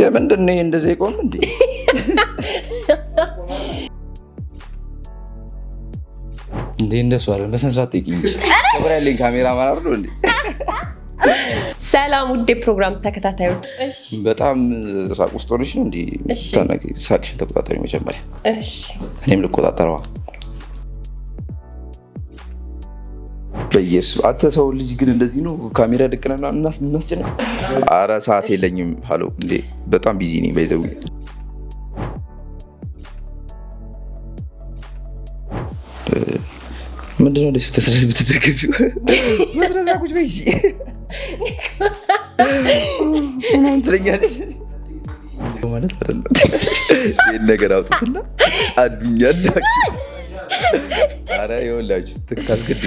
የምንድን ነው እንደዚህ የቆም እንዲ እንዴ እንደሱ አለ በሰንሳት ጠይቂ እንጂ ክብር ያለኝ ካሜራ ማናር ነው እንዴ? ሰላም ውዴ ፕሮግራም ተከታታዮች፣ በጣም ሳቅ ውስጥ ሆነሽ ነው እንዲ ሳቅሽን ተቆጣጠሪ መጀመሪያ። እኔም ልቆጣጠረዋ በኢየሱስ አንተ ሰው ልጅ ግን እንደዚህ ነው። ካሜራ ደቅነና እናስጨና። አረ ሰዓት የለኝም። ሀሎ እንዴ፣ በጣም ቢዚ ነኝ። በይዘው ምንድነው ደስ ተስረዝ ብትደገፊው መስረዛጎች በይ ትለኛለሽ ማለት አይደለም። ይህን ነገር አውጡትና አዱኛላችሁ። አረ ይኸውላችሁ ትካስገድ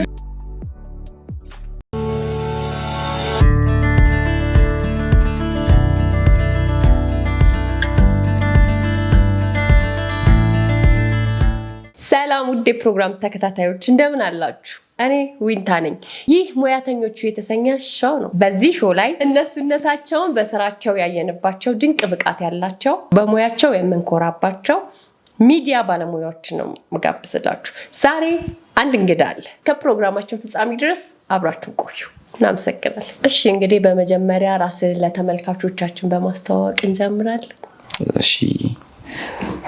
ሰላም ውዴ ፕሮግራም ተከታታዮች እንደምን አላችሁ? እኔ ዊንታ ነኝ። ይህ ሙያተኞቹ የተሰኘ ሾው ነው። በዚህ ሾው ላይ እነሱነታቸውን በስራቸው ያየንባቸው ድንቅ ብቃት ያላቸው በሙያቸው የምንኮራባቸው ሚዲያ ባለሙያዎች ነው መጋብዝላችሁ። ዛሬ አንድ እንግዳ አለ። ከፕሮግራማችን ፍጻሜ ድረስ አብራችሁን ቆዩ። እናመሰግናል። እሺ እንግዲህ በመጀመሪያ ራስን ለተመልካቾቻችን በማስተዋወቅ እንጀምራለን። እሺ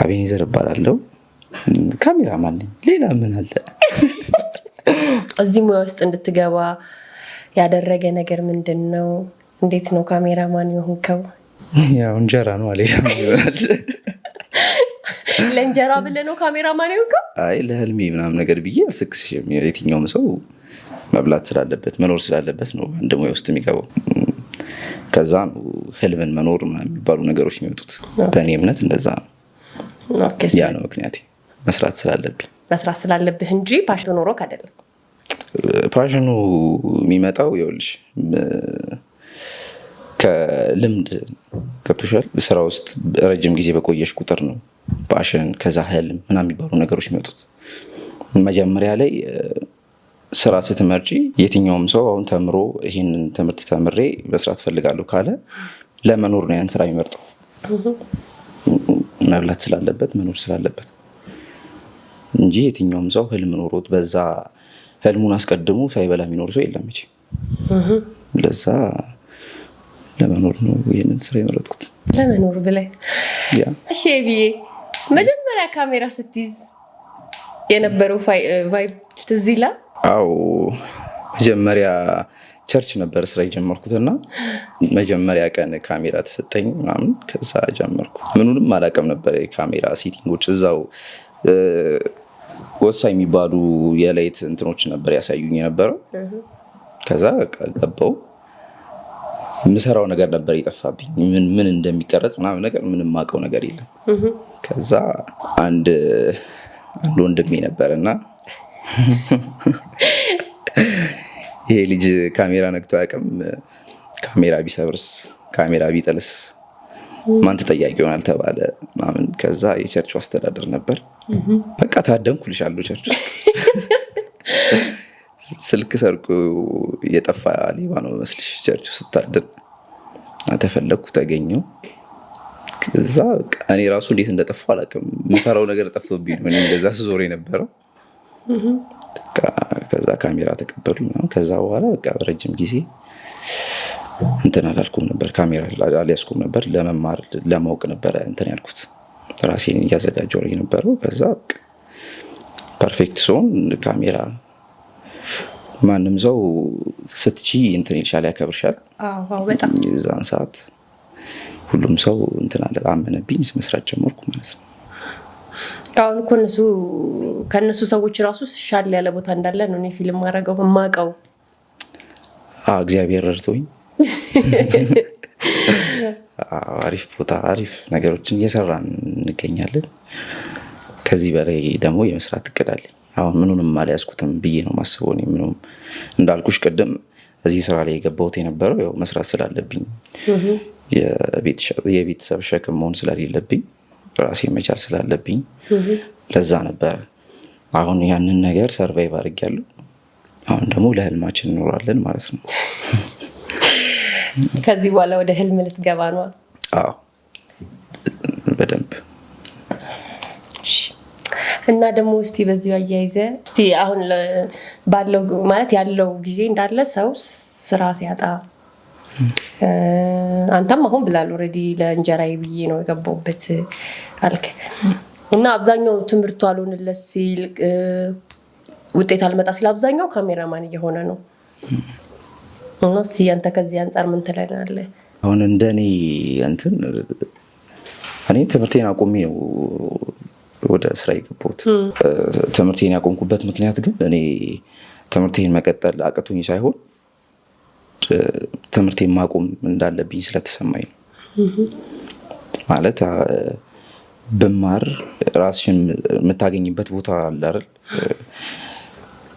አቤኔዘር እባላለሁ ካሜራማን ነኝ። ሌላ ምን አለ? እዚህ ሙያ ውስጥ እንድትገባ ያደረገ ነገር ምንድን ነው? እንዴት ነው ካሜራማን የሆንከው? ያው እንጀራ ነው። ሌላ ይሆናል። ለእንጀራ ብለህ ነው ካሜራማን የሆንከው? አይ ለህልሜ ምናምን ነገር ብዬ አልስክስሽም። የትኛውም ሰው መብላት ስላለበት መኖር ስላለበት ነው አንድ ሙያ ውስጥ የሚገባው። ከዛ ነው ህልምን መኖር የሚባሉ ነገሮች የሚወጡት። በእኔ እምነት እንደዛ ነው። ያ ነው ምክንያቴ። መስራት ስላለብኝ መስራት ስላለብህ እንጂ ፓሽኑ ኖሮክ አይደለም። ፓሽኑ የሚመጣው ይኸውልሽ ከልምድ ገብቶሻል። ስራ ውስጥ ረጅም ጊዜ በቆየሽ ቁጥር ነው ፓሽን፣ ከዛ ህልም ምና የሚባሉ ነገሮች የሚመጡት። መጀመሪያ ላይ ስራ ስትመርጪ የትኛውም ሰው አሁን ተምሮ ይህንን ትምህርት ተምሬ መስራት ፈልጋለሁ ካለ ለመኖር ነው ያን ስራ የሚመርጠው። መብላት ስላለበት መኖር ስላለበት እንጂ የትኛውም ሰው ህልም ኖሮት በዛ ህልሙን አስቀድሞ ሳይበላ የሚኖር ሰው የለም። መቼ ለዛ ለመኖር ነው ይህንን ስራ የመረጥኩት። ለመኖር ብላይ እሺ ብዬ መጀመሪያ ካሜራ ስትይዝ የነበረው ቫይብ ትዝ ይላል? አዎ መጀመሪያ ቸርች ነበር ስራ የጀመርኩት እና መጀመሪያ ቀን ካሜራ ተሰጠኝ ምናምን፣ ከዛ ጀመርኩ። ምኑንም አላውቅም ነበር የካሜራ ሴቲንጎች እዛው ወሳኝ የሚባሉ የላይት እንትኖች ነበር ያሳዩኝ የነበረው። ከዛ ገባው የምሰራው ነገር ነበር የጠፋብኝ። ምን እንደሚቀረጽ ምናምን ነገር ምንም ማውቀው ነገር የለም። ከዛ አንድ አንድ ወንድሜ ነበር እና ይሄ ልጅ ካሜራ ነግቶ አያውቅም፣ ካሜራ ቢሰብርስ፣ ካሜራ ቢጥልስ ማን ተጠያቂ ይሆናል ተባለ ምናምን። ከዛ የቸርቹ አስተዳደር ነበር በቃ ታደምኩልሽ አሉ ቸርች ውስጥ ስልክ ሰርቁ የጠፋ ሌባ ነው መስልሽ ቸርች ውስጥ ተፈለግኩ ተገኘው እዛ እኔ ራሱ እንዴት እንደጠፋው አላውቅም። መሰራው ነገር ጠፍቶብኝ ነው እንደዛ ስዞር የነበረው። ከዛ ካሜራ ተቀበሉ ከዛ በኋላ በቃ ረጅም ጊዜ እንትን አላልኩም ነበር፣ ካሜራ አልያዝኩም ነበር። ለመማር ለማወቅ ነበረ እንትን ያልኩት ራሴን እያዘጋጀው ነው የነበረው። ከዛ ፐርፌክት ሲሆን ካሜራ ማንም ሰው ስትቺ እንትን ይልሻል፣ ያከብርሻል። ዛን ሰዓት ሁሉም ሰው እንትን አለ አመነብኝ፣ መስራት ጀመርኩ ማለት ነው። አሁን እኮ እነሱ ከእነሱ ሰዎች ራሱ ሻል ያለ ቦታ እንዳለ ነው እኔ ፊልም ማድረገው ማቀው እግዚአብሔር ረድቶኝ አሪፍ ቦታ አሪፍ ነገሮችን እየሰራን እንገኛለን። ከዚህ በላይ ደግሞ የመስራት እቅድ አለኝ። አሁን ምኑንም አልያዝኩትም ብዬ ነው ማስበው። ምንም እንዳልኩሽ ቅድም እዚህ ስራ ላይ የገባሁት የነበረው ያው መስራት ስላለብኝ የቤተሰብ ሸክም መሆን ስለሌለብኝ ራሴ መቻል ስላለብኝ ለዛ ነበረ። አሁን ያንን ነገር ሰርቫይቭ አድርጌያለሁ። አሁን ደግሞ ለህልማችን እንኖራለን ማለት ነው። ከዚህ በኋላ ወደ ህልም ልትገባ ነዋ? በደንብ እና ደግሞ እስቲ በዚሁ አያይዘ እስቲ አሁን ባለው ማለት ያለው ጊዜ እንዳለ ሰው ስራ ሲያጣ አንተም አሁን ብላል ኦልሬዲ ለእንጀራ ብዬ ነው የገባውበት አልክ እና አብዛኛው ትምህርቱ አልሆንለት ሲል ውጤት አልመጣ ሲል አብዛኛው ካሜራማን እየሆነ ነው። እስቲ አንተ ከዚህ አንጻር ምን ትለናለህ? አሁን እንደ እኔ እንትን እኔ ትምህርቴን አቆሜ ነው ወደ ስራ የገባሁት። ትምህርቴን ያቆምኩበት ምክንያት ግን እኔ ትምህርቴን መቀጠል አቅቶኝ ሳይሆን ትምህርቴን ማቆም እንዳለብኝ ስለተሰማኝ ነው። ማለት ብማር ራስሽን የምታገኝበት ቦታ አለ አይደል?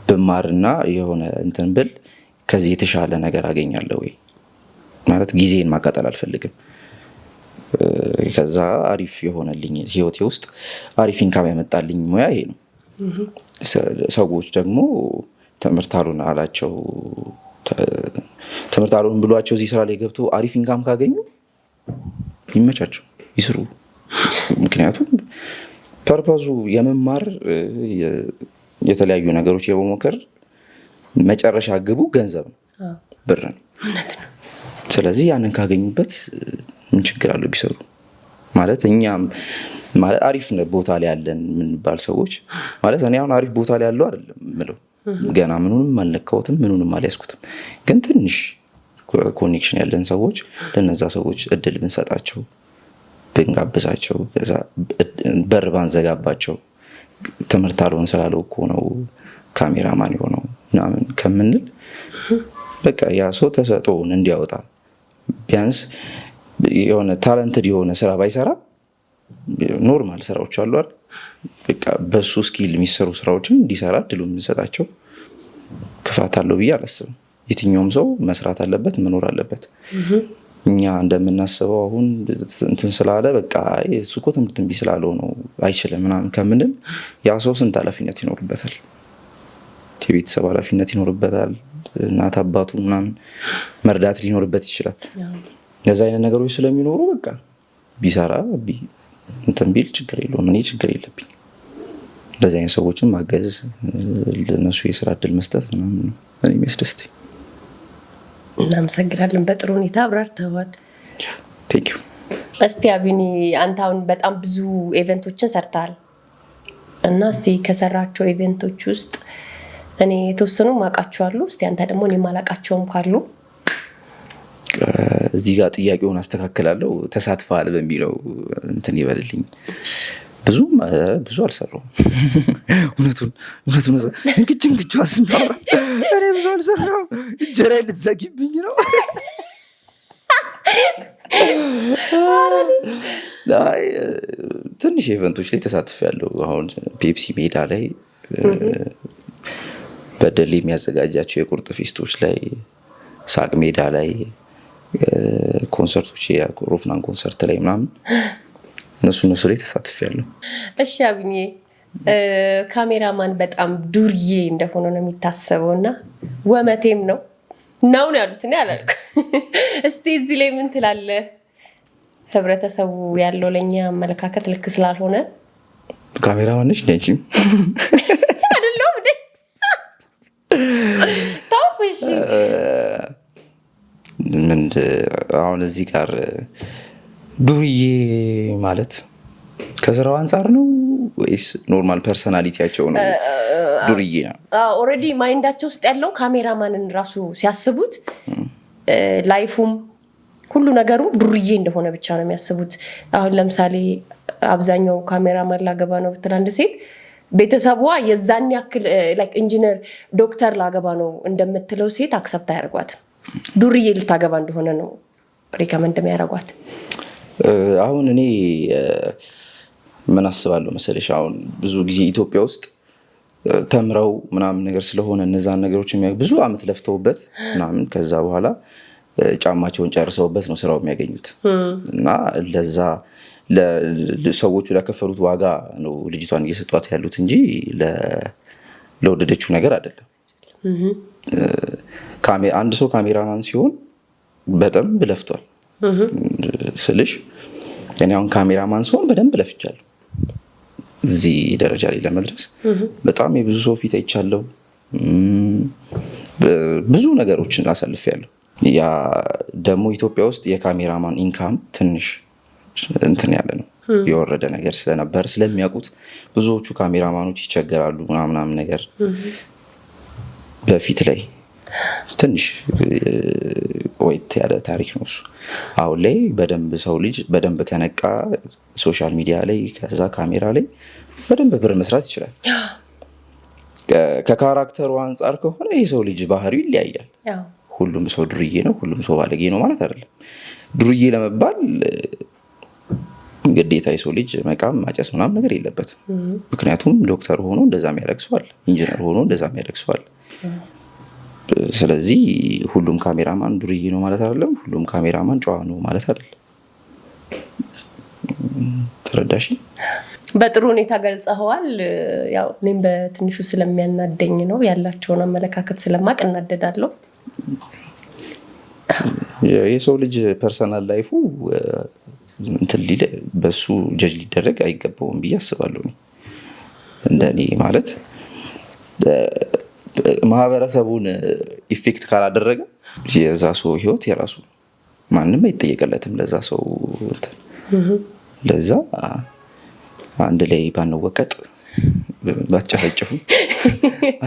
ብማርና የሆነ እንትን ብል ከዚህ የተሻለ ነገር አገኛለሁ ወይ ማለት ጊዜን ማቃጠል አልፈልግም። ከዛ አሪፍ የሆነልኝ ህይወቴ ውስጥ አሪፍ ኢንካም ያመጣልኝ ሙያ ይሄ ነው። ሰዎች ደግሞ ትምህርት አሉን አላቸው ትምህርት አሉን ብሏቸው እዚህ ስራ ላይ ገብቶ አሪፍ ኢንካም ካገኙ ይመቻቸው፣ ይስሩ። ምክንያቱም ፐርፐዙ የመማር የተለያዩ ነገሮች የመሞከር መጨረሻ ግቡ ገንዘብ ነው፣ ብር ነው። ስለዚህ ያንን ካገኙበት ምን ችግር አለው ቢሰሩ? ማለት እኛም ማለት አሪፍ ቦታ ላይ ያለን የምንባል ሰዎች ማለት እኔ አሁን አሪፍ ቦታ ላይ ያለው አይደለም ምለው ገና ምኑንም አልነካሁትም፣ ምኑንም አልያዝኩትም። ግን ትንሽ ኮኔክሽን ያለን ሰዎች ለነዛ ሰዎች እድል ብንሰጣቸው፣ ብንጋብዛቸው፣ በር ባንዘጋባቸው ትምህርት አልሆን ስላለው እኮ ነው ካሜራማን የሆነው ከምንል በቃ ያ ሰው ተሰጥኦውን እንዲያወጣ ቢያንስ የሆነ ታለንትድ የሆነ ስራ ባይሰራ ኖርማል ስራዎች አሉ አይደል? በቃ በሱ ስኪል የሚሰሩ ስራዎችን እንዲሰራ እድሉ የምንሰጣቸው ክፋት አለው ብዬ አላስብም። የትኛውም ሰው መስራት አለበት፣ መኖር አለበት። እኛ እንደምናስበው አሁን እንትን ስላለ በቃ እሱ እኮ ትምህርት እምቢ ስላለው ነው አይችልም ምናምን ከምንል ያ ሰው ስንት ኃላፊነት ይኖርበታል። የቤተሰብ ኃላፊነት ይኖርበታል። እናት አባቱ ምናምን መርዳት ሊኖርበት ይችላል። እነዚ አይነት ነገሮች ስለሚኖሩ በቃ ቢሰራ እንትን ቢል ችግር የለውም። እኔ ችግር የለብኝ። እንደዚህ አይነት ሰዎችን ማገዝ፣ ለነሱ የስራ እድል መስጠት ምናምን እኔ እናመሰግናለን። በጥሩ ሁኔታ አብራርተዋል። እስቲ አቢኒ አንተ አሁን በጣም ብዙ ኢቨንቶችን ሰርተሃል እና እስቲ ከሰራቸው ኢቨንቶች ውስጥ እኔ የተወሰኑ ማውቃቸው አሉ። እስኪ አንተ ደግሞ እኔ ማላቃቸውም ካሉ እዚህ ጋር ጥያቄውን አስተካክላለሁ። ተሳትፈሃል በሚለው እንትን ይበልልኝ። ብዙም ብዙ አልሰራውም። እውነቱን እውነቱን እንግጭ እንግጭ ስናወራ እኔ ብዙ አልሰራውም። እንጀራ ልትዘጊብኝ ነው። ትንሽ ኢቨንቶች ላይ ተሳትፍ ያለው አሁን ፔፕሲ ሜዳ ላይ በደሌ የሚያዘጋጃቸው የቁርጥ ፊስቶች ላይ ሳቅ ሜዳ ላይ ኮንሰርቶች የሮፍናን ኮንሰርት ላይ ምናምን እነሱ እነሱ ላይ ተሳትፌያለሁ። እሺ አብኜ ካሜራማን በጣም ዱርዬ እንደሆነ ነው የሚታሰበው እና ወመቴም ነው ነው ያሉት እኔ አላልኩ። እስቲ እዚህ ላይ ምን ትላለ? ህብረተሰቡ ያለው ለእኛ አመለካከት ልክ ስላልሆነ ካሜራማን ነሽ ታውቁሽ አሁን እዚህ ጋር ዱርዬ ማለት ከስራው አንጻር ነው ወይስ ኖርማል ፐርሰናሊቲያቸው ነው ዱርዬ ነው? ኦልሬዲ ማይንዳቸው ውስጥ ያለው ካሜራማንን ራሱ ሲያስቡት ላይፉም ሁሉ ነገሩ ዱርዬ እንደሆነ ብቻ ነው የሚያስቡት። አሁን ለምሳሌ አብዛኛው ካሜራማን ላገባ ነው ብትል አንድ ሴት ቤተሰቧ የዛን ያክል ኢንጂነር ዶክተር ላገባ ነው እንደምትለው ሴት አክሰብት አያደርጓት። ዱርዬ ልታገባ እንደሆነ ነው ሪከመንድ የሚያደርጓት። አሁን እኔ ምን አስባለሁ መሰለሽ፣ አሁን ብዙ ጊዜ ኢትዮጵያ ውስጥ ተምረው ምናምን ነገር ስለሆነ እነዛን ነገሮች ብዙ አመት ለፍተውበት ምናምን ከዛ በኋላ ጫማቸውን ጨርሰውበት ነው ስራው የሚያገኙት እና ለዛ ሰዎቹ ለከፈሉት ዋጋ ነው ልጅቷን እየሰጧት ያሉት እንጂ ለወደደችው ነገር አይደለም። አንድ ሰው ካሜራማን ሲሆን በደንብ ለፍቷል ስልሽ፣ እኔ አሁን ካሜራማን ሲሆን በደንብ ለፍቻለሁ እዚህ ደረጃ ላይ ለመድረስ። በጣም የብዙ ሰው ፊት አይቻለሁ፣ ብዙ ነገሮችን ያለው ያ ደግሞ ኢትዮጵያ ውስጥ የካሜራማን ኢንካም ትንሽ እንትን ያለ ነው የወረደ ነገር ስለነበር ስለሚያውቁት ብዙዎቹ ካሜራማኖች ይቸገራሉ ምናምናም ነገር በፊት ላይ ትንሽ ቆይት ያለ ታሪክ ነው እሱ። አሁን ላይ በደንብ ሰው ልጅ በደንብ ከነቃ ሶሻል ሚዲያ ላይ ከዛ ካሜራ ላይ በደንብ ብር መስራት ይችላል። ከካራክተሩ አንጻር ከሆነ የሰው ልጅ ባህሪ ይለያያል። ሁሉም ሰው ድርዬ ነው፣ ሁሉም ሰው ባለጌ ነው ማለት አይደለም። ድርዬ ለመባል ግዴታ የሰው ልጅ መቃም ማጨስ ምናም ነገር የለበት። ምክንያቱም ዶክተር ሆኖ እንደዛ ያደረግሰዋል ኢንጂነር ሆኖ እንደዛ ያደረግሰዋል ስለዚህ ሁሉም ካሜራማን ዱርዬ ነው ማለት አይደለም፣ ሁሉም ካሜራማን ጨዋ ነው ማለት አይደለም። ተረዳሽ? በጥሩ ሁኔታ ገልጸኸዋል። ያው እኔም በትንሹ ስለሚያናደኝ ነው ያላቸውን አመለካከት ስለማቅ እናደዳለሁ። የሰው ልጅ ፐርሰናል ላይፉ እንትን በሱ ጀጅ ሊደረግ አይገባውም ብዬ አስባለሁ። እንደኔ ማለት ማህበረሰቡን ኢፌክት ካላደረገ የዛ ሰው ህይወት የራሱ ማንም አይጠየቀለትም። ለዛ ሰው ለዛ አንድ ላይ ባንወቀጥ ባትጨፈጭፉ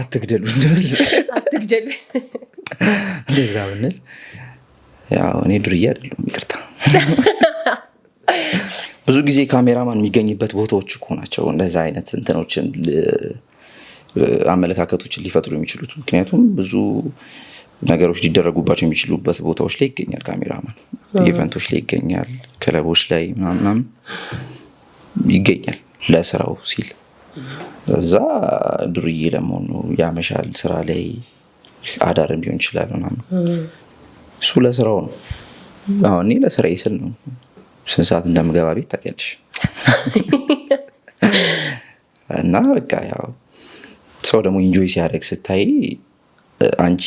አትግደሉ እንድብል አትግደሉ እንደዛ ብንል ያው እኔ ዱርዬ አይደለሁም፣ ይቅርታ ብዙ ጊዜ ካሜራማን የሚገኝበት ቦታዎች እኮ ናቸው እንደዚ አይነት እንትኖችን አመለካከቶችን ሊፈጥሩ የሚችሉት። ምክንያቱም ብዙ ነገሮች ሊደረጉባቸው የሚችሉበት ቦታዎች ላይ ይገኛል ካሜራማን፣ ኢቨንቶች ላይ ይገኛል፣ ክለቦች ላይ ምናምናም ይገኛል ለስራው ሲል እዛ ዱርዬ ለመሆኑ ያመሻል። ስራ ላይ አዳርም ሊሆን ይችላል ምናምን እሱ ለስራው ነው። አሁን ለስራ ስል ነው ስንት ሰዓት እንደምገባ ቤት ታውቂያለሽ። እና በቃ ያው ሰው ደግሞ ኢንጆይ ሲያደርግ ስታይ አንቺ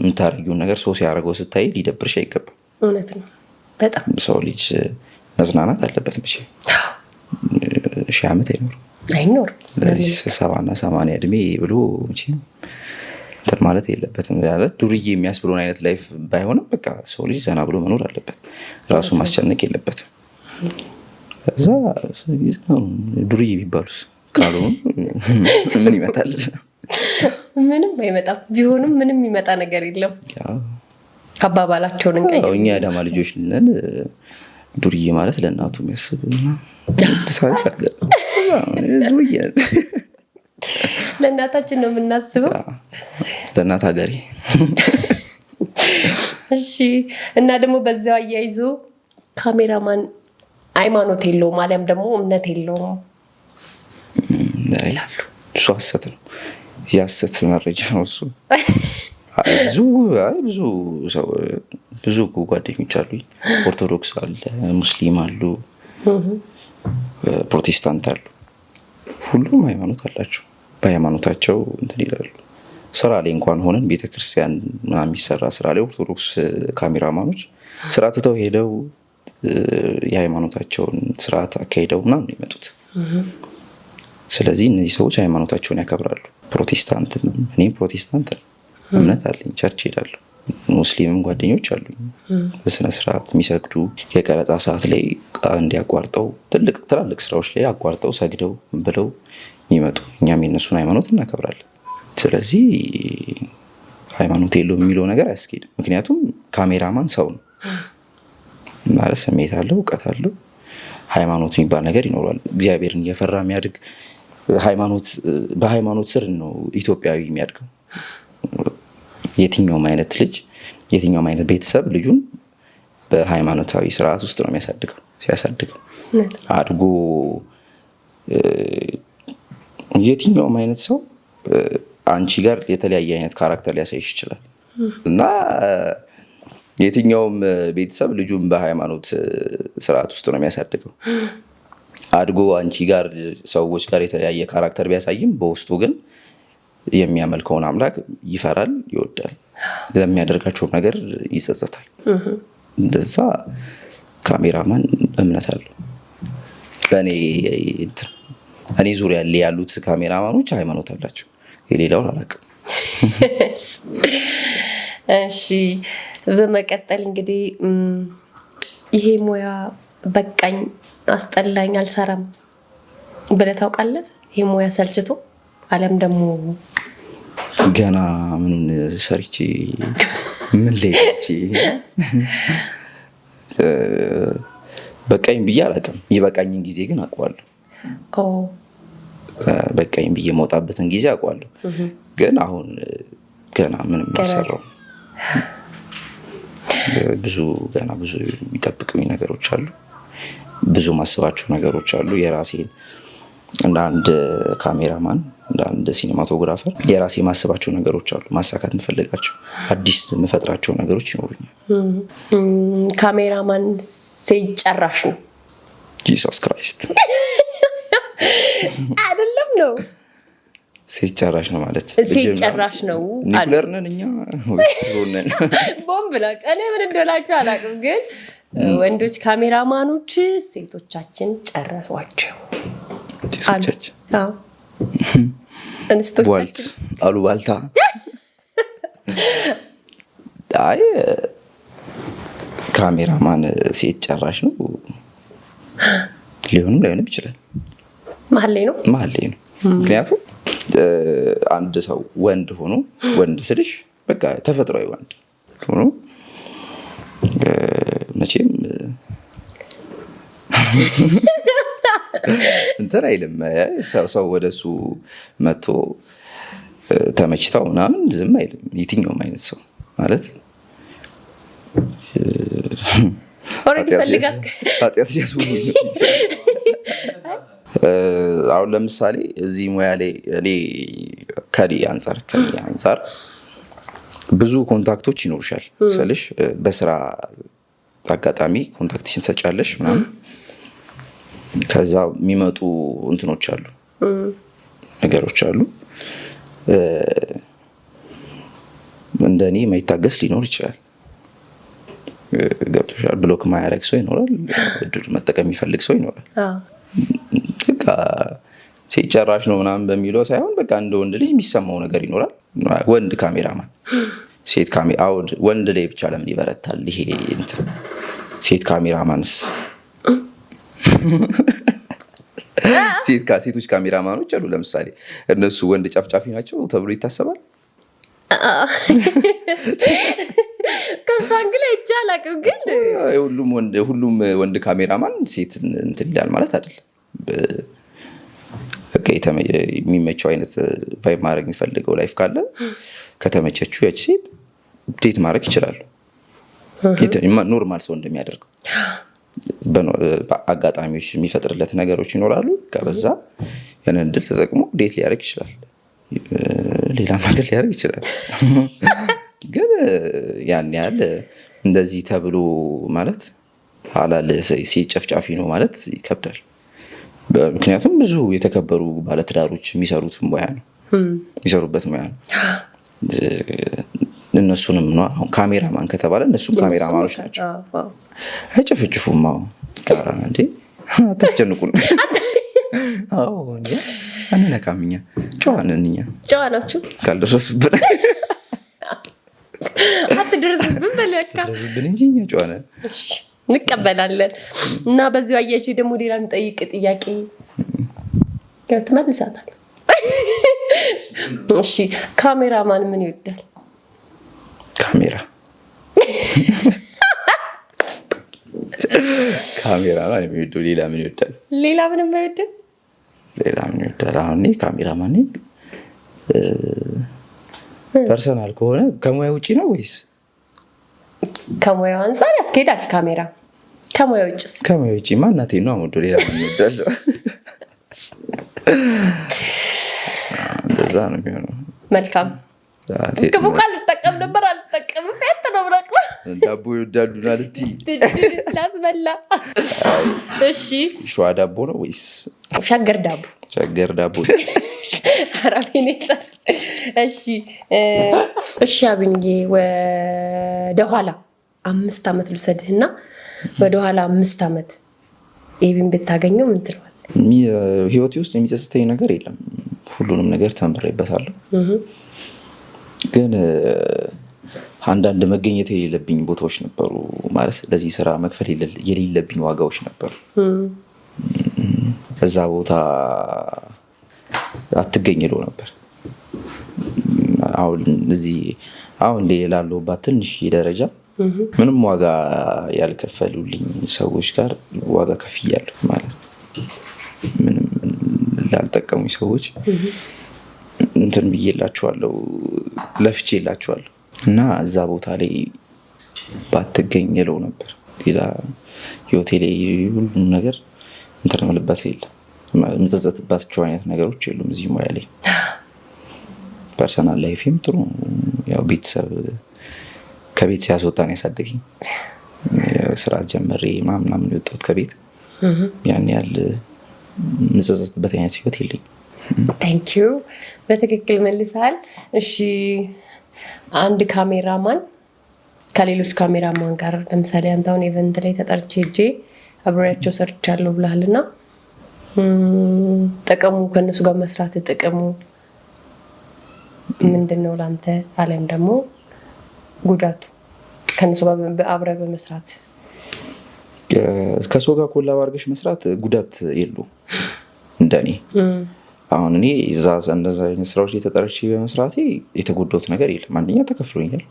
የምታረጊውን ነገር ሰው ሲያደርገው ስታይ ሊደብርሽ አይገባም። እውነት ነው። በጣም ሰው ልጅ መዝናናት አለበት። መቼ ሺህ ዓመት አይኖርም አይኖርም። ስለዚህ ሰባና ሰማንያ እድሜ ብሎ መቼም እንትን ማለት የለበትም ማለት ዱርዬ የሚያስብሎን አይነት ላይፍ ባይሆንም በቃ ሰው ልጅ ዘና ብሎ መኖር አለበት። ራሱ ማስጨነቅ የለበትም። እዛ ዱርዬ የሚባሉስ ካልሆኑ ምን ይመጣል? ምንም አይመጣም። ቢሆንም ምንም ይመጣ ነገር የለም። አባባላቸውን እንቀይር። እኛ የአዳማ ልጆች ልንል ዱርዬ ማለት ለእናቱ የሚያስብ ዱርዬ ለእናታችን ነው የምናስበው፣ ለእናት ሀገሬ። እሺ። እና ደግሞ በዚያው አያይዞ ካሜራማን ሃይማኖት የለውም አሊያም ደግሞ እምነት የለውም ይላሉ። እሱ ሀሰት ነው፣ የሀሰት መረጃ ነው እሱ። ብዙ ብዙ ሰው ብዙ ጓደኞች አሉ። ኦርቶዶክስ አለ፣ ሙስሊም አሉ፣ ፕሮቴስታንት አሉ። ሁሉም ሃይማኖት አላቸው። በሃይማኖታቸው እንትን ይላሉ። ስራ ላይ እንኳን ሆነን ቤተክርስቲያን የሚሰራ ስራ ላይ ኦርቶዶክስ ካሜራማኖች ስራ ትተው ሄደው የሃይማኖታቸውን ስርዓት አካሂደው ምናምን ነው የመጡት። ስለዚህ እነዚህ ሰዎች ሃይማኖታቸውን ያከብራሉ። ፕሮቴስታንት እኔም ፕሮቴስታንት ነው፣ እምነት አለኝ፣ ቸርች ሄዳለሁ። ሙስሊምም ጓደኞች አሉኝ ስርዓት የሚሰግዱ የቀረጻ ሰዓት ላይ እንዲያቋርጠው ትልቅ ትላልቅ ስራዎች ላይ አቋርጠው ሰግደው ብለው የሚመጡ እኛም የነሱን ሃይማኖት እናከብራለን። ስለዚህ ሃይማኖት የለውም የሚለው ነገር አያስኬድም። ምክንያቱም ካሜራማን ሰው ነው ማለት ስሜት አለው፣ እውቀት አለው፣ ሃይማኖት የሚባል ነገር ይኖረዋል። እግዚአብሔርን እየፈራ የሚያድግ በሃይማኖት ስር ነው ኢትዮጵያዊ የሚያድገው። የትኛውም አይነት ልጅ የትኛውም አይነት ቤተሰብ ልጁን በሃይማኖታዊ ስርዓት ውስጥ ነው የሚያሳድገው። ሲያሳድገው አድጎ የትኛውም አይነት ሰው አንቺ ጋር የተለያየ አይነት ካራክተር ሊያሳይሽ ይችላል እና የትኛውም ቤተሰብ ልጁን በሃይማኖት ስርዓት ውስጥ ነው የሚያሳድገው። አድጎ አንቺ ጋር ሰዎች ጋር የተለያየ ካራክተር ቢያሳይም በውስጡ ግን የሚያመልከውን አምላክ ይፈራል፣ ይወዳል፣ ለሚያደርጋቸውም ነገር ይጸጸታል። እንደዛ ካሜራማን እምነት አለው በእኔ እንትን እኔ ዙሪያ ያሉት ካሜራማኖች ሃይማኖት አላቸው። የሌላውን አላውቅም። እሺ፣ በመቀጠል እንግዲህ ይሄ ሙያ በቃኝ፣ አስጠላኝ፣ አልሰራም ብለህ ታውቃለህ? ይሄ ሙያ ሰልችቶ አለም ደግሞ ገና ምን ሰርቼ ምን ሌች በቃኝ ብዬ አላውቅም። የበቃኝን ጊዜ ግን አውቀዋለሁ። በቃኝ ብዬ መውጣበትን ጊዜ አውቋለሁ። ግን አሁን ገና ምንም ያልሰራው ብዙ ገና ብዙ የሚጠብቁኝ ነገሮች አሉ። ብዙ ማስባቸው ነገሮች አሉ። የራሴን እንደ አንድ ካሜራማን እንደ አንድ ሲኒማቶግራፈር የራሴ ማስባቸው ነገሮች አሉ። ማሳካት የምፈልጋቸው አዲስ የምፈጥራቸው ነገሮች ይኖሩኛል። ካሜራማን ሴት ጨራሽ ነው። ጂሰስ ክራይስት አይደለም ነው ሴት ጨራሽ ነው ማለት ሴት ጨራሽ ነው። ኒውክለር ነን እኛ ቦምብ እኔ ምን እንደሆናቸው አላውቅም፣ ግን ወንዶች ካሜራማኖች ሴቶቻችን ጨረሷቸው። ሴቶቻችን አሉ ባልታ አይ ካሜራማን ሴት ጨራሽ ነው። ሊሆንም ላይሆንም ይችላል። መሀል ላይ ነው መሀል ላይ ነው። ምክንያቱም አንድ ሰው ወንድ ሆኖ ወንድ ስልሽ በቃ ተፈጥሯዊ ወንድ ሆኖ መቼም እንትን አይልም። ሰው ወደሱ መቶ ተመችተው ምናምን ዝም አይልም። የትኛውም አይነት ሰው ማለት ኃጢአት እያስቡ አሁን ለምሳሌ እዚህ ሙያ ላይ እኔ ከኒ አንጻር ከኔ አንጻር ብዙ ኮንታክቶች ይኖርሻል ስልሽ በስራ አጋጣሚ ኮንታክትሽን ሰጫለሽ ምናምን ከዛ የሚመጡ እንትኖች አሉ ነገሮች አሉ። እንደ እኔ ማይታገስ ሊኖር ይችላል። ገብቶሻል። ብሎክ ማያደረግ ሰው ይኖራል። እድል መጠቀም የሚፈልግ ሰው ይኖራል። ሴት ጨራሽ ነው ምናምን በሚለው ሳይሆን በቃ እንደ ወንድ ልጅ የሚሰማው ነገር ይኖራል። ወንድ ካሜራማን ሴት ወንድ ላይ ብቻ ለምን ይበረታል? ይሄ እንትን ሴት ካሜራማንስ ሴቶች ካሜራማኖች አሉ። ለምሳሌ እነሱ ወንድ ጫፍጫፊ ናቸው ተብሎ ይታሰባል። ከሳንግ ላይ እጅ አላቅም። ግን ሁሉም ወንድ ካሜራማን ሴት እንትን ይላል ማለት አይደለም። በቃ የሚመቸው አይነት ቫይብ ማድረግ የሚፈልገው ላይፍ ካለ ከተመቸችው ያች ሴት ዴት ማድረግ ይችላሉ። ኖርማል ሰው እንደሚያደርገው አጋጣሚዎች የሚፈጥርለት ነገሮች ይኖራሉ። ከበዛ ያንን እድል ተጠቅሞ ዴት ሊያደርግ ይችላል። ሌላ ነገር ሊያደርግ ይችላል። ግን ያን ያህል እንደዚህ ተብሎ ማለት ሀላል ሴት ጨፍጫፊ ነው ማለት ይከብዳል። ምክንያቱም ብዙ የተከበሩ ባለትዳሮች የሚሰሩት ሙያ ነው የሚሰሩበት ሙያ ነው። እነሱንም ነው አሁን ካሜራማን ከተባለ እነሱም ካሜራማኖች ናቸው። አይጨፍጭፉም። አሁን ጋራ እንዴ አታስጨንቁን። አንነካም። እኛ ጨዋ ነን። እኛ ጨዋ ናችሁ ካልደረሱብን አትደረሱብን በለካ ደረሱብን እንጂ እኛ ጨዋ ነን። እንቀበላለን እና በዚሁ አያሽ ደግሞ ሌላ የምጠይቅ ጥያቄ ትመልሳታል። እሺ ካሜራማን ምን ይወዳል? ካሜራ ማን የሚወደው ሌላ ምን ይወዳል? ሌላ ምን አይወድም። ሌላ ምን ይወዳል? አሁን ማን ፐርሰናል ከሆነ ከሙያ ውጭ ነው ወይስ ከሙያው አንጻር ያስኬዳል? ካሜራ ከሙያ ውጭስ? ከሙያ ውጭማ እናቴ ነው ወዶ ሌላ ወዳለሁ እንደዛ ነው የሚሆነው። መልካም ግቡቃ ልጠቀም ነበር አልጠቀም ፌት ነው ብረቅ ዳቦ ይወዳሉና ልቲ ላስበላ። እሺ ሸዋ ዳቦ ነው ወይስ ሸገር ዳቦ? ሸገር ዳቦ አራቤኔዘር። እሺ እሺ፣ አብኝ ወደኋላ አምስት ዓመት ልውሰድህና ወደኋላ አምስት ዓመት ኤቢን ብታገኘው ምን ትለዋል? ህይወቴ ውስጥ የሚጸጽተኝ ነገር የለም። ሁሉንም ነገር ተምሬበታለሁ። ግን አንዳንድ መገኘት የሌለብኝ ቦታዎች ነበሩ። ማለት ለዚህ ስራ መክፈል የሌለብኝ ዋጋዎች ነበሩ። እዛ ቦታ አትገኝ ሎ ነበር። አሁን እዚህ አሁን ላለሁባት ትንሽ ደረጃ ምንም ዋጋ ያልከፈሉልኝ ሰዎች ጋር ዋጋ ከፍያለሁ ማለት ነው። ምንም ላልጠቀሙኝ ሰዎች እንትን ብዬላችኋለሁ፣ ለፍቼላችኋለሁ እና እዛ ቦታ ላይ ባትገኝ የለው ነበር። ሌላ የሆቴሌ ሁሉ ነገር እንትን ምልበት የለም የምጸጸትባቸው አይነት ነገሮች የሉም። እዚህ ሙያ ላይ ፐርሰናል ላይፌም ጥሩ ያው ቤተሰብ ከቤት ሲያስወጣ ነው ያሳደገኝ። ስራ ጀመሬ ምናምን የወጣሁት ከቤት ያን ያህል የምጸጸትበት አይነት ህይወት ታንክ ዩ በትክክል መልሰሃል። እሺ አንድ ካሜራማን ከሌሎች ካሜራማን ጋር ለምሳሌ አንተ አሁን ኢቨንት ላይ ተጠርቼ ሄጄ አብሬያቸው ሰርቻለሁ ብለሃል እና ጥቅሙ ከእነሱ ጋር መስራት ጥቅሙ ምንድን ነው ለአንተ? አሊያም ደግሞ ጉዳቱ ከነሱ ጋር አብረ በመስራት ከሰው ጋር ኮላብ አድርገሽ መስራት ጉዳት የለውም። እንደኔ አሁን እኔ እዛ እንደዛ አይነት ስራዎች የተጠረች በመስራቴ የተጎዳሁት ነገር የለም። አንደኛ ተከፍሎኛል፣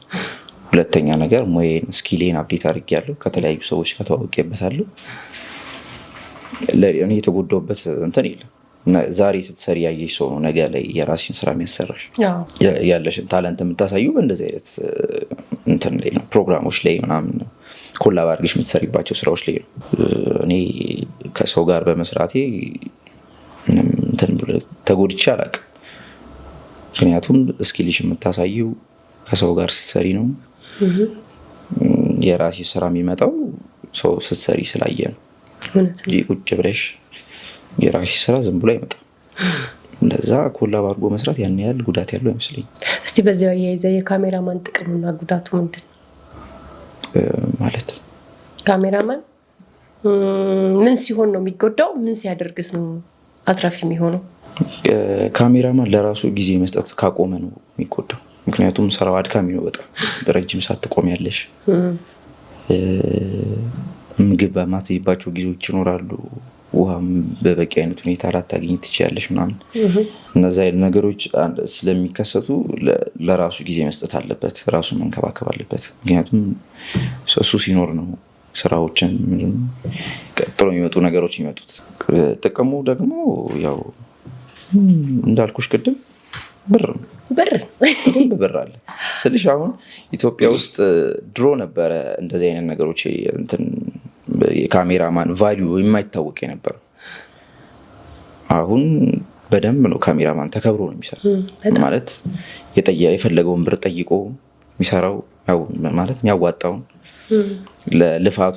ሁለተኛ ነገር ሙዬን ስኪሌን አብዴት አድርጌያለሁ፣ ከተለያዩ ሰዎች ጋር ተዋውቄበታለሁ። እኔ የተጎዳሁበት እንትን የለም። ዛሬ ስትሰሪ ያየሽ ሰው ነው ነገ ላይ የራስሽን ስራ የሚያሰራሽ። ያለሽን ታለንት የምታሳዩ በእንደዚህ አይነት እንትን ላይ ነው፣ ፕሮግራሞች ላይ ምናምን ኮላብ አድርገሽ የምትሰሪባቸው ስራዎች ላይ ነው። እኔ ከሰው ጋር በመስራቴ ተጎድቼ አላቅ ምክንያቱም እስኪልሽ የምታሳየው ከሰው ጋር ስትሰሪ ነው። የራሴ ስራ የሚመጣው ሰው ስትሰሪ ስላየ ነው። ቁጭ ብለሽ የራሺ ስራ ዝም ብሎ አይመጣም። ለዛ ኮላብ አድርጎ መስራት ያን ያህል ጉዳት ያለው አይመስለኝ። እስቲ በዚያው አያይዘ የካሜራማን ጥቅምና ጉዳቱ ምንድን ማለት ካሜራማን ምን ሲሆን ነው የሚጎዳው? ምን ሲያደርግስ ነው አትራፊ የሚሆነው? ካሜራማን ለራሱ ጊዜ መስጠት ካቆመ ነው የሚጎዳው። ምክንያቱም ስራው አድካሚ ነው በጣም በረጅም ሰዓት ትቆሚያለሽ። ምግብ በማትይባቸው ጊዜዎች ይኖራሉ። ውሃም በበቂ አይነት ሁኔታ ላታገኝ ትችያለሽ ምናምን እነዚ አይነት ነገሮች ስለሚከሰቱ ለራሱ ጊዜ መስጠት አለበት፣ ራሱ መንከባከብ አለበት። ምክንያቱም እሱ ሲኖር ነው ስራዎችን ቀጥሎ የሚመጡ ነገሮች የሚመጡት። ጥቅሙ ደግሞ ያው እንዳልኩሽ ቅድም ብር ብር ብር አለ ስልሽ አሁን ኢትዮጵያ ውስጥ ድሮ ነበረ እንደዚህ አይነት ነገሮች የካሜራማን ቫሊዩ የማይታወቅ የነበረው አሁን በደንብ ነው ካሜራማን ተከብሮ ነው የሚሰራው። ማለት የፈለገውን ብር ጠይቆ የሚሰራው ማለት የሚያዋጣውን ለልፋቱ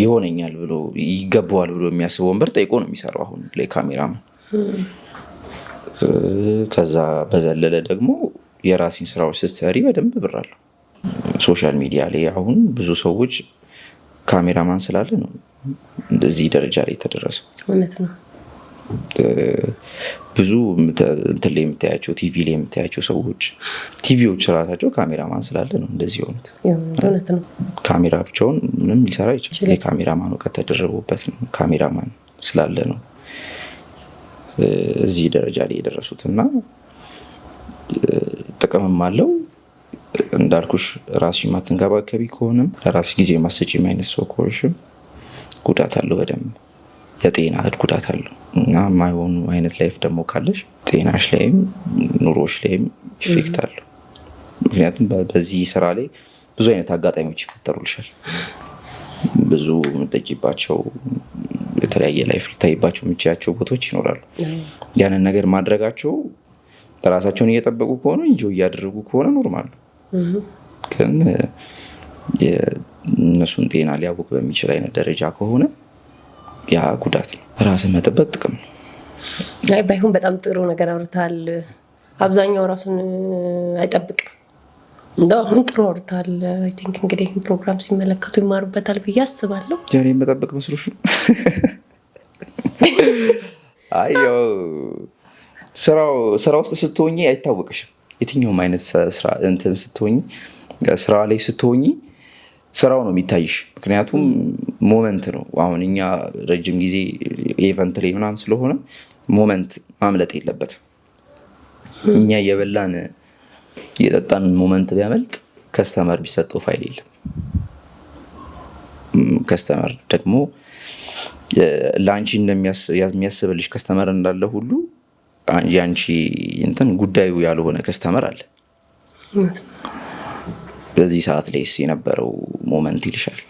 ይሆነኛል ብሎ ይገባዋል ብሎ የሚያስበውን ወንበር ጠይቆ ነው የሚሰራው አሁን ላይ ካሜራማን። ከዛ በዘለለ ደግሞ የራሲን ስራዎች ስትሰሪ በደንብ ብር አለው። ሶሻል ሚዲያ ላይ አሁን ብዙ ሰዎች ካሜራማን ስላለ ነው እንደዚህ ደረጃ ላይ የተደረሰው። እውነት ነው። ብዙ እንትን ላይ የምታያቸው ቲቪ ላይ የምታያቸው ሰዎች ቲቪዎች ራሳቸው ካሜራማን ስላለ ነው እንደዚህ የሆኑት። እውነት ነው። ካሜራ ብቻውን ምንም ሊሰራ ይችላል። የካሜራማን እውቀት ተደረቡበት ነው። ካሜራማን ስላለ ነው እዚህ ደረጃ ላይ የደረሱት እና ጥቅምም አለው እንዳልኩሽ ራስሽ ማትንከባከቢ ከሆንም ለራስሽ ጊዜ ማሰጭ የማይነት ሰው ከሆንሽም ጉዳት አለው በደንብ የጤና እድ ጉዳት አለው እና ማይሆኑ አይነት ላይፍ ደግሞ ካለሽ ጤናሽ ላይም ኑሮሽ ላይም ኢፌክት አለው። ምክንያቱም በዚህ ስራ ላይ ብዙ አይነት አጋጣሚዎች ይፈጠሩልሻል። ብዙ የምጠጪባቸው የተለያየ ላይፍ ልታይባቸው የምችያቸው ቦታዎች ይኖራሉ። ያንን ነገር ማድረጋቸው ራሳቸውን እየጠበቁ ከሆነ እንጆ እያደረጉ ከሆነ ኖርማል ነው። ግን የእነሱን ጤና ሊያውቅ በሚችል አይነት ደረጃ ከሆነ ያ ጉዳት ነው። ራስን መጠበቅ ጥቅም ነው። አይ ባይሆን በጣም ጥሩ ነገር አውርታል። አብዛኛው ራሱን አይጠብቅም። እንደው አሁን ጥሩ አውርታል። አይ ቲንክ እንግዲህ ፕሮግራም ሲመለከቱ ይማሩበታል ብዬ አስባለሁ። ጀሬን መጠበቅ መስሎሽ ነው? አይ ያው ስራ ውስጥ ስትሆኚ አይታወቅሽም የትኛውም አይነት እንትን ስትሆኝ ስራ ላይ ስትሆኝ ስራው ነው የሚታይሽ። ምክንያቱም ሞመንት ነው። አሁን እኛ ረጅም ጊዜ ኤቨንት ላይ ምናምን ስለሆነ ሞመንት ማምለጥ የለበትም። እኛ የበላን የጠጣን ሞመንት ቢያመልጥ ከስተመር ቢሰጠው ፋይል የለም። ከስተመር ደግሞ ለአንቺ የሚያስብልሽ ከስተመር እንዳለ ሁሉ የአንቺ እንትን ጉዳዩ ያልሆነ ከስተመር አለ። በዚህ ሰዓት ላይስ የነበረው ሞመንት ይልሻል።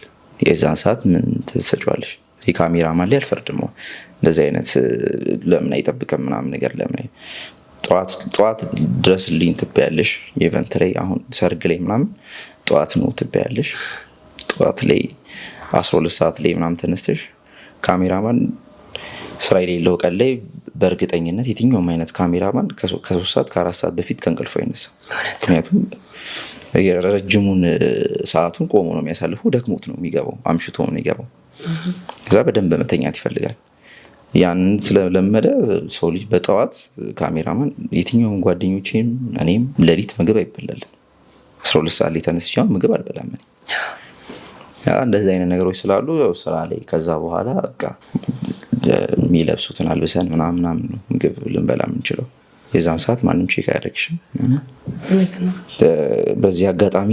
የዛን ሰዓት ምን ትሰጫዋለሽ? የካሜራማን ላይ አልፈርድም። እንደዚህ አይነት ለምን አይጠብቅም ምናምን ነገር ለምን ጠዋት ድረስልኝ ትበያለሽ። ኢቨንት ላይ አሁን ሰርግ ላይ ምናምን ጠዋት ነው ትበያለሽ። ጠዋት ላይ አስራ ሁለት ሰዓት ላይ ምናምን ተነስተሽ ካሜራማን ስራ የሌለው ቀን ላይ በእርግጠኝነት የትኛውም አይነት ካሜራማን ከሶስት ሰዓት ከአራት ሰዓት በፊት ከእንቅልፉ አይነሳ። ምክንያቱም ረጅሙን ሰዓቱን ቆሞ ነው የሚያሳልፈው። ደክሞት ነው የሚገባው፣ አምሽቶ ነው የሚገባው። ከዛ በደንብ በመተኛት ይፈልጋል። ያንን ስለለመደ ሰው ልጅ በጠዋት ካሜራማን የትኛውም ጓደኞቼም እኔም ሌሊት ምግብ አይበላልን። አስራ ሁለት ሰዓት ላይ ተነስቼ ምግብ አልበላም። እንደዚህ አይነት ነገሮች ስላሉ ያው ስራ ላይ ከዛ በኋላ በቃ የሚለብሱትን አልብሰን ምናምናም ነው ምግብ ልንበላ የምንችለው። የዛን ሰዓት ማንም ቼክ አያደርግሽም። በዚህ አጋጣሚ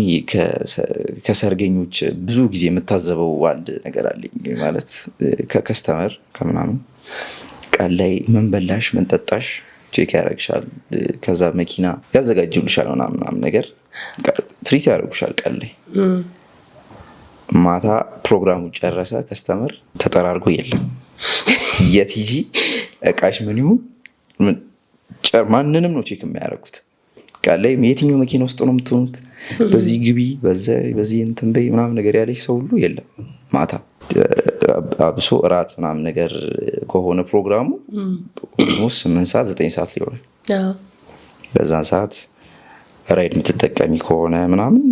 ከሰርገኞች ብዙ ጊዜ የምታዘበው አንድ ነገር አለኝ። ማለት ከከስተመር ከምናምን ቀን ላይ ምን በላሽ ምን ጠጣሽ ቼክ ያደርግሻል። ከዛ መኪና ያዘጋጅልሻል ምናምን ነገር ትሪት ያደርጉሻል ቀን ላይ ማታ ፕሮግራሙ ጨረሰ። ከስተመር ተጠራርጎ የለም የት ሂጂ እቃሽ ምን ይሁን ማንንም ነው ቼክ የሚያደርጉት። ቃላይ የትኛው መኪና ውስጥ ነው የምትሆኑት? በዚህ ግቢ፣ በዚህ እንትን በይ ምናምን ነገር ያለች ሰው ሁሉ የለም ማታ አብሶ እራት ምናምን ነገር ከሆነ ፕሮግራሙ ኦልሞስት ስምንት ሰዓት ዘጠኝ ሰዓት ሊሆን በዛን ሰዓት ራይድ የምትጠቀሚ ከሆነ ምናምን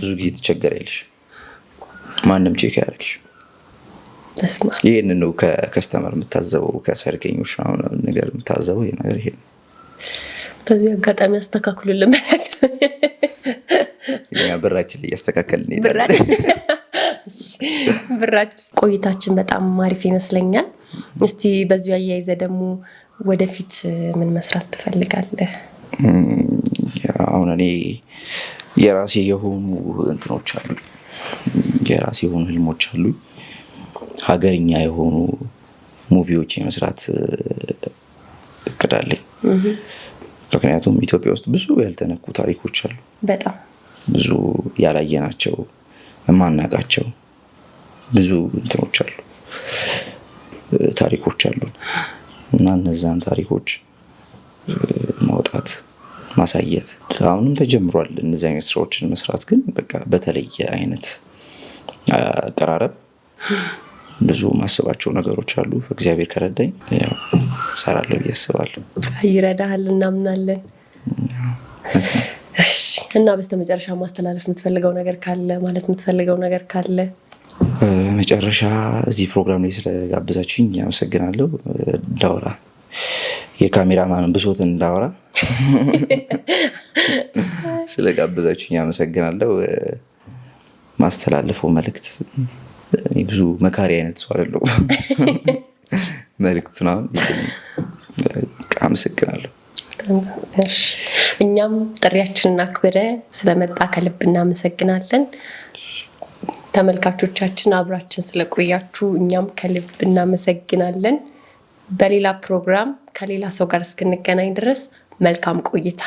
ብዙ ጊዜ ትቸገሪያለሽ። ማንም ቼክ ያደርግሽ። ይህን ነው ከከስተመር የምታዘበው፣ ከሰርገኞች ነገር የምታዘበው ይህ ነገር ይሄ ነው። በዚህ አጋጣሚ አስተካክሉልን ብራችን ላይ እያስተካከልን ብራችን ቆይታችን በጣም አሪፍ ይመስለኛል። እስቲ በዚሁ አያይዘ ደግሞ ወደፊት ምን መስራት ትፈልጋለህ? አሁን እኔ የራሴ የሆኑ እንትኖች አሉኝ የራሴ የሆኑ ህልሞች አሉኝ። ሀገርኛ የሆኑ ሙቪዎች የመስራት እቅድ አለኝ። ምክንያቱም ኢትዮጵያ ውስጥ ብዙ ያልተነኩ ታሪኮች አሉ። በጣም ብዙ ያላየናቸው የማናቃቸው ብዙ እንትኖች አሉ፣ ታሪኮች አሉ እና እነዛን ታሪኮች ማውጣት ማሳየት አሁንም ተጀምሯል። እነዚህ አይነት ስራዎችን መስራት ግን በቃ በተለየ አይነት አቀራረብ ብዙ ማስባቸው ነገሮች አሉ። እግዚአብሔር ከረዳኝ ሰራለሁ ብዬ አስባለሁ። ይረዳሃል፣ እናምናለን። እና በስተመጨረሻ ማስተላለፍ የምትፈልገው ነገር ካለ ማለት የምትፈልገው ነገር ካለ መጨረሻ። እዚህ ፕሮግራም ላይ ስለጋበዛችሁኝ አመሰግናለሁ። ዳውራ የካሜራማን ብሶት እንዳወራ ስለጋበዛችሁኝ አመሰግናለሁ። ማስተላለፈው መልእክት ብዙ መካሪ አይነት ሰው አይደለሁም። መልእክቱን አመሰግናለሁ። እኛም ጥሪያችንን አክብረ ስለመጣ ከልብ እናመሰግናለን። ተመልካቾቻችን አብራችን ስለቆያችሁ እኛም ከልብ እናመሰግናለን። በሌላ ፕሮግራም ከሌላ ሰው ጋር እስክንገናኝ ድረስ መልካም ቆይታ